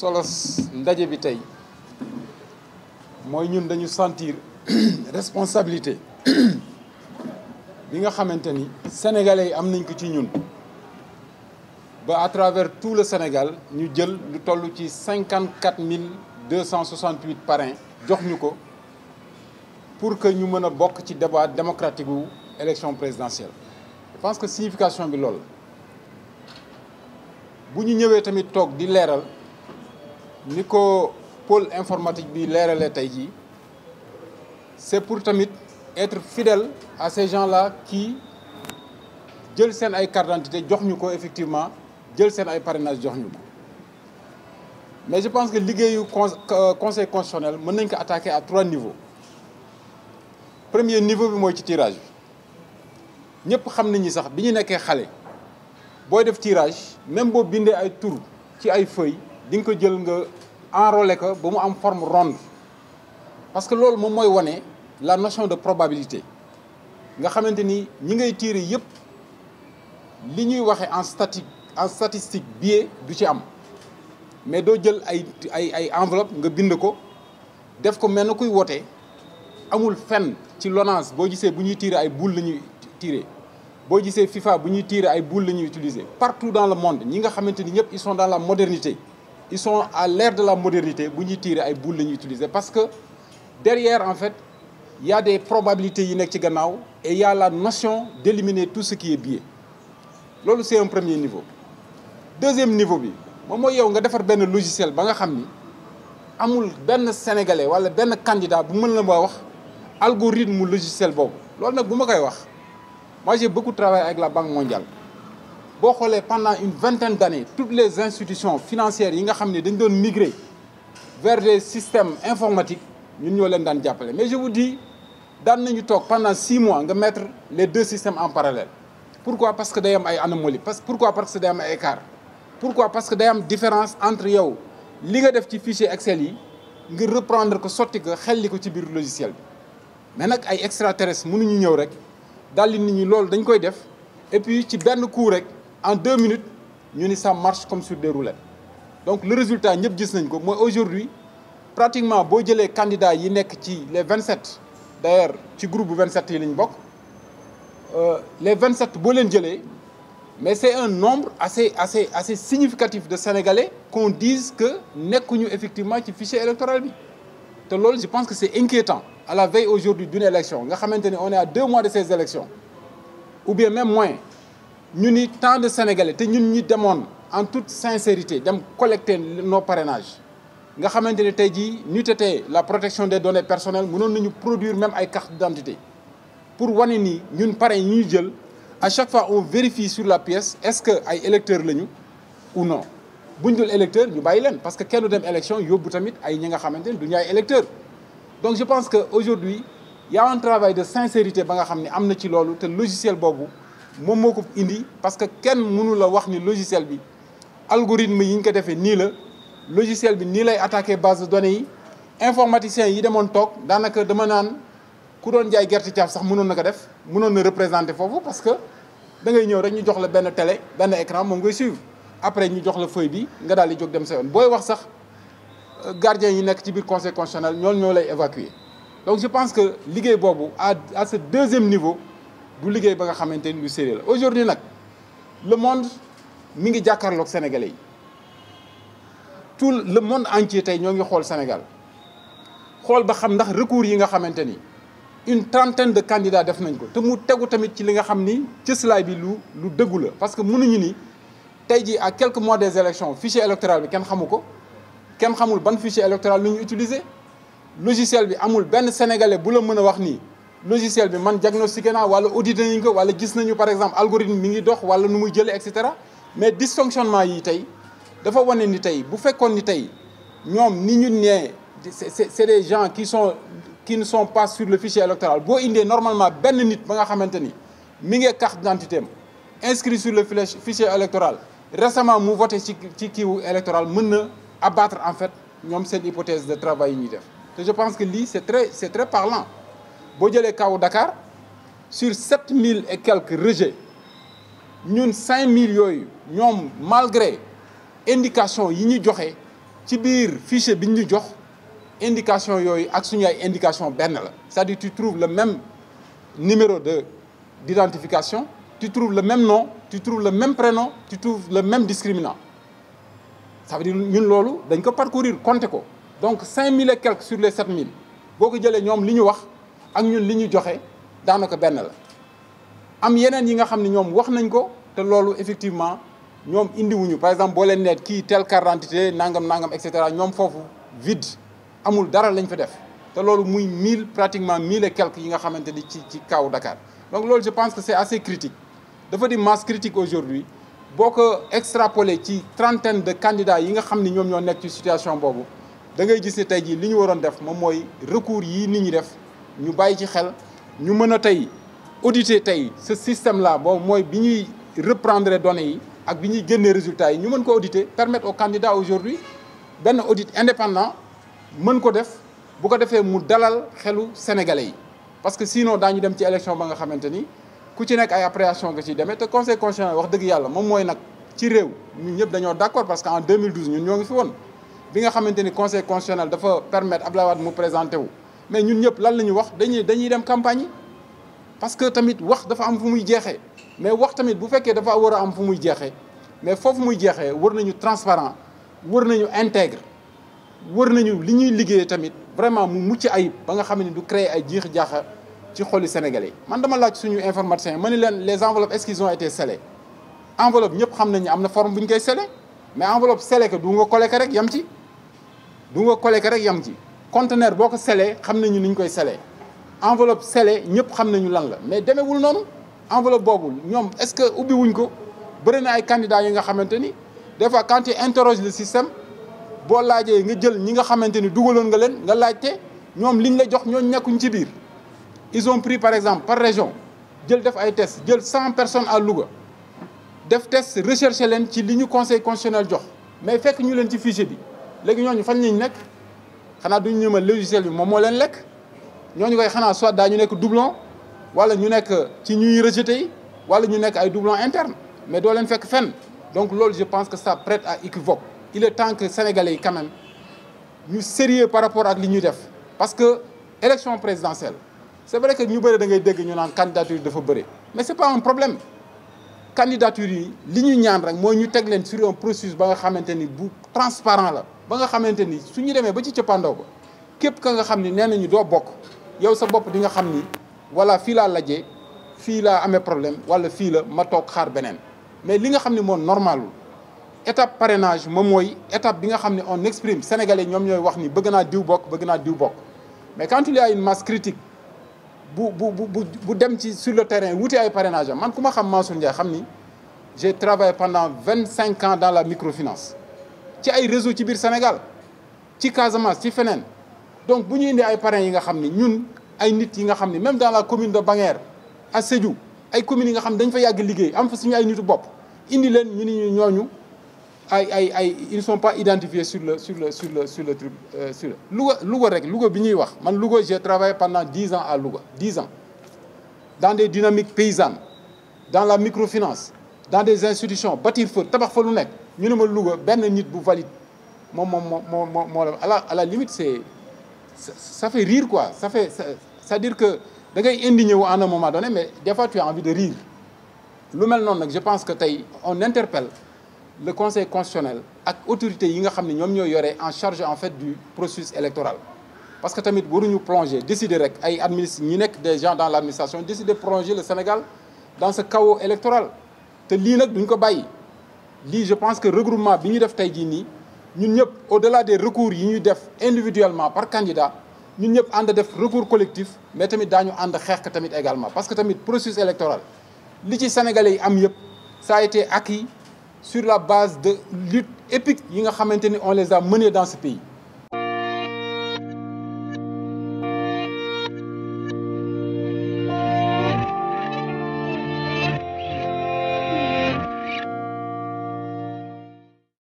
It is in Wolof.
solos ndaje bi tey mooy ñun dañu sentir responsabilité bi nga xamante ni sénégalais yi am nañ ko ci ñun ba à travers tout le Sénégal ñu jël lu toll ci cinquante quatre mille deux cent soixante huit parrains jox ñu ko pour que ñu mën a bokk ci débat démocratique wu élection présidentielle je que signification bi loolu bu ñu ñëwee tamit toog di leeral ni ko pôle informatique bi leerale tey jii c'est pour tamit être fidel à ces gens-là qui jël seen ay carte jox ñu ko effectivement jël seen ay parrainage jox ñu ko mais je pense que liggéeyu euh, conseil constitutionnel mën nañ ko attaquer à trois niveaux premier niveau bi mooy ci tirage bi ñëpp xam nañu sax bi ñu nekkee xale booy def tirage même boo bindee ay tur ci ay feuilles di nga ko jël nga enrôler ko ba mu am forme ronde parce que loolu moom mooy wane la notion de probabilité nga xamante ni ñi ngay tiire yëpp li ñuy waxee en statique en statistique biais du ci am mais doo jël ay ay ay enveloppe nga bind ko def ko mel na kuy wote amul fenn ci Lonase boo gisee bu ñuy tirer ay boule la ñuy tirer boo gisee FIFA bu ñuy tirer ay boule la ñuy utiliser partout dans le monde ñi nga xamante ni ñëpp ils sont dans la modernité il sont à l'ère de la modernité bu ñuy tirer ay boules la ñuy utiliser parce que derrière en fait il y des probabilités yi nekk ci gannaaw et il y a la notion d'éliminer tout ce qui est biais loolu c'est un premier niveau deuxième niveau bi moom mooy yow nga defar benn logiciel ba nga xam ni amul benn sénégalais wala benn candidat bu mën la ma wax algorithme logiciel boobu loolu nag bu ma koy wax moi j'ai beaucoup travaillé la Banque mondiale boo xoolee pendant une vingt vingtaine d'années toutes les institutions financières yi nga xam ne dañ doon migrer vers des systèmes informatique ñun ñoo leen daan jàppale mais je vous dis daan nañu toog pendant six mois nga mettre les deux systèmes en parallèle pourquoi parce que day am ay anomalie parce pourquoi parce que day am ay écart pourquoi parce que day am différence entre yow li nga def ci fichier Excel yi nga reprendre ko sotti ko xelli ko ci biir logiciel bi mais nag ay extraterrestres mënuñu ñëw rek daldi nit ñi loolu dañ koy def et puis ci benn coup rek en deux minutes ñu ni ça marche comme sur des roulettes donc le résultat ñëpp gis nañ ko mooy aujourd'hui pratiquement boo jëlee candidats yi nekk ci les vingt sept d'ailleurs ci groupe bu vingt sept yi lañ bokk euh, les vingt sept boo leen jëlee mais c'est un nombre assez assez assez significatif de Sénégalais qu'on dise que nekkuñu effectivement ci fichier électoral bi te loolu je pense que c'est inquiétant à la veille aujourd'hui d'une élection nga xamante ni on a à deux mois de ces élections ou bien même moins ñu ni tant de sénégalais te ñun ñi demoon en toute sincérité dem collecter nos parenage nga xamante ne tey jii ñu tetee la protection des données personnelles noon nañu produire même ay carte d'identité pour wane ni ñun parrain yi ñuy jël à chaque fois on vérifie sur la pièce est-ce que ay électeurs lañu ou no bu ñu dul électeur ñu bàyyi leen parce que kenn dem élection yóbbu tamit ay ñi nga xamante ne du ñu ay électeurs donc je pense que aujourd'hui y a un travail ba nga xam ne am na ci loolu te logiciel boobu moom moo ko indi parce que kenn mënu la wax ni logiciel bi algorithme yi ñu ko defee nii la logiciel bi nii lay attaqué base de données yi informaticien yi demoon toog daanaka dama naan ku doon jaay gerte caaf sax mënoon na ko def mënoon na représenté foofu parce que dangay ñëw rek ñu jox la benn télé benn écran moom ngay suivre après ñu jox la feuille bi nga daal di jóg dem sa yoon booy wax sax euh, gardien yi nekk ci biir conseil constitutionnel ñoom ñoo lay évacuer donc je que liggéey boobu à à ce deuxième du liggéey ba nga xamante ni lu sérieux la aujourd'hui nag le monde mi ngi jàkkaarloog sénégalais yi tout le monde entier tey ñoo ngi xool Sénégal xool ba xam ndax recours yi nga xamante ni une trentaine de candidats def nañ ko te mu tegu tamit ci li nga xam ni cëslaay bi lu lu dëggu la parce que mënuñu ni tey jii ak quelques mois des élections fichier électoral bi kenn xamu ko kenn xamul ban fichier électoral lu ñu utiliser logiciel bi amul benn sénégalais bu la mën a wax nii logiciel bi man diagnostiqué naa wala audité nañ ko wala gis nañu par exemple algorithme mi ngi dox wala nu muy jëlee et mais dysfonctionnement yi tey dafa wane ni tey bu fekkoon ni tey ñoom ni ñu nee c'est des gens qui son qui ne son pas sur le fichier électoral boo indee normalement benn nit ba nga xamante ni mi ngi carte d'identité am inscrit sur le fichier électoral récemment mu voté ci ci kiiwu électoral mën na abattre en fait ñoom seen hypothèse yi ñuy def je pense que lii c'est très c'est très parlant boo jëlee kaw Dakar sur sept mille et quelques rejets ñun cinq mille yooyu ñoom malgré indication yi ñu joxe ci biir fichier bi ñu jox indication yooyu ak suñu ay indication benn la c'est-à-dire tu trouves le même numéro de d'identification tu trouves le même nom tu trouves le même prénom tu trouves le même discriminant ça veut dire ñun loolu dañ ko parcourir compter ko donc cinq mille et quelques sur les sept mille boo ko jëlee ñoom li ñu wax ak ñun li ñu joxe daanaka benn la am yeneen yi nga xam ne ñoom wax nañ ko te loolu effectivement ñoom indiwuñu par exemple boo leen neet kii tel carte d'identité nangam nangam cetera ñoom foofu vide amul dara lañ fa def te loolu muy mille pratiquement mille et yi nga xamante ni ci ci kaw Dakar donc loolu je pense que c'est assez critique dafa di masse critique aujourd'hui boo ko extrapolé ci trentaine de candidats yi nga xam ni ñoom ñoo nekk ci situation boobu da gis ne tey jii li ñu waroon def moom recours yi nit ñi def ñu bàyyi ci xel ñu mën a tey auditer tey ce système la boobu mooy bi ñuy reprendre données yi ak bi ñuy génnee résultats yi ñu mën ko auditer permettre aux candidats aujourd'hui benn audit indépendant mën ko def bu ko defee mu dalal xelu sénégalais yi parce que sinon daañu dem ci élection ba nga xamante ni ku ci nekk ay appréhension nga ciy demee te conseil constitutionnel wax dëgg yàlla moom mooy nag ci réew ñun ñëpp dañoo d'accord parce que en 2012 ñun ñoo ngi fi woon bi nga xamante ni conseil constitutionnel dafa permettre Abdoulaye Wade mu présenté wu mais ñun ñëpp lan la ñu wax dañuy dañuy dem campagne yi parce que tamit wax dafa am fu muy jeexee mais wax tamit bu fekkee dafa war a am fu muy jeexee mais foofu muy jeexee war nañu transparent war nañu intègre war nañu li ñuy liggéey tamit vraiment mu mucc ayib ba nga xam ne du créer ay jiix jaaxa ci xoli Sénégalais yi. man dama laaj suñu informaticien ma ne leen les enveloppes est-ce qu'ils ont été scellées enveloppe ñëpp xam nañu am na form bu ñu koy scellé mais enveloppe scellé que du nga collecté rek yam ci du nga collecté rek yam ci. conteneur boo ko selee xam nañu ni ñu koy selee enveloppe sellée ñëpp xam nañu lan la mais demeewul noonu enveloppe boobul ñoom est-ce que ubbi wuñ ko bëri na ay candidats yi nga xamante ni des fois quand tu interroges système boo laajee nga jël ñi nga xamante ni dugaloon nga leen nga laajte ñoom liñ la jox ñoo nekkuñ ci biir. ils ont pris par exemple par région jël def ay tests jël cent personnes à Louga def test recherche leen ci li ñu conseil constitutionnel jox mais fekk ñu leen ci fichier bi léegi ñooñu fan lañ nekk. xanaa duñu ñëma logiciel bi moom moo leen lekk ñooñu koy xanaa soit daa ñu nekk doublon wala ñu nekk ci ñuy rejeté yi wala ñu nekk ay doublon interne mais doo leen fekk fenn donc loolu je pense que ça prête à équivoque il est temps que sénégalais yi quand ñu sérieux par rapport ak li ñuy def parce que élection présidentielle c'est vrai que ñu bëri da ngay dégg ñu naan candidature yi dafa bëri mais c'est pas un problème candidature yi li ñuy ñaan rek mooy ñu teg leen sur un processus ba nga xamante ni bu transparent la ba nga xamante ni su ñu demee ba ci cëppaandaw ba képp ka nga xam ni nee nañu doo bokk yow sa bopp di nga xam ni wala fii laa lajjee fii laa amee problème wala fii la ma toog xaar beneen mais li nga xam ne moo normalul étape parrainage moom mooy étape bi nga xam ne on exprime sénégalais ñoom ñooy wax ni bëgg naa diw bokk bëgg naa diw bokk mais quand il y a une masse critique bu bu bu bu dem ci sur le terrain wute ay parrainage am man ku ma xam Mansour Ndiaye xam ni j'ai travaillé pendant vingt cinq ans la microfinance ci ay réseau ci biir Sénégal ci Casamance ci feneen donc bu ñu indi ay parrains yi nga xam ni ñun ay nit yi nga xam ni même dans la commune de Banguère à Sédhiou ay communes yi nga xam dañ fa yàgg liggéey am fa suñu ay nitu bopp indi leen ñu ni ñu ñooñu ay ay ay ils sont pas identifiés sur le sur le sur le sur le tri euh, sur le Louga Louga rek Louga bi ñuy wax man Louga j'ai travaillé pendant dix ans à Louga dix ans dans des dynamiques paysannes dans la microfinance dans des institutions bâtir fa tabax fa lu nekk ñu ne ma Louga benn nit bu valide moom moom moo moo moo la à la à la limite c'est ça fait rire quoi ça fait c'est-à-dire que da ngay indigné wu à un moment donné mais des fois tu as envie de rire lu mel noonu nag je pense que tey on interpelle le conseil constitutionnel ak autorité yi nga xam ne ñoom ñoo yore en charge en fait du processus électoral parce que tamit waruñu plonger décider rek ay administre ñi nekk des gens dans l'administration décider plonger le Sénégal dans ce chaos électoral te lii nag duñ ko bàyyi lii je pense que regroupement bi ñu def tey jii nii ñun ñëpp au-delà des recours yi ñuy def individuellement par candidat ñun ñëpp ànd def recours collectif mais tamit daa ñu ànd xeex ka tamit également parce que tamit processus électoral li ci sénégalais yi am yëpp ça a été acquis sur la base de lutte épique yi nga xamante ni on les a menées dans ce pays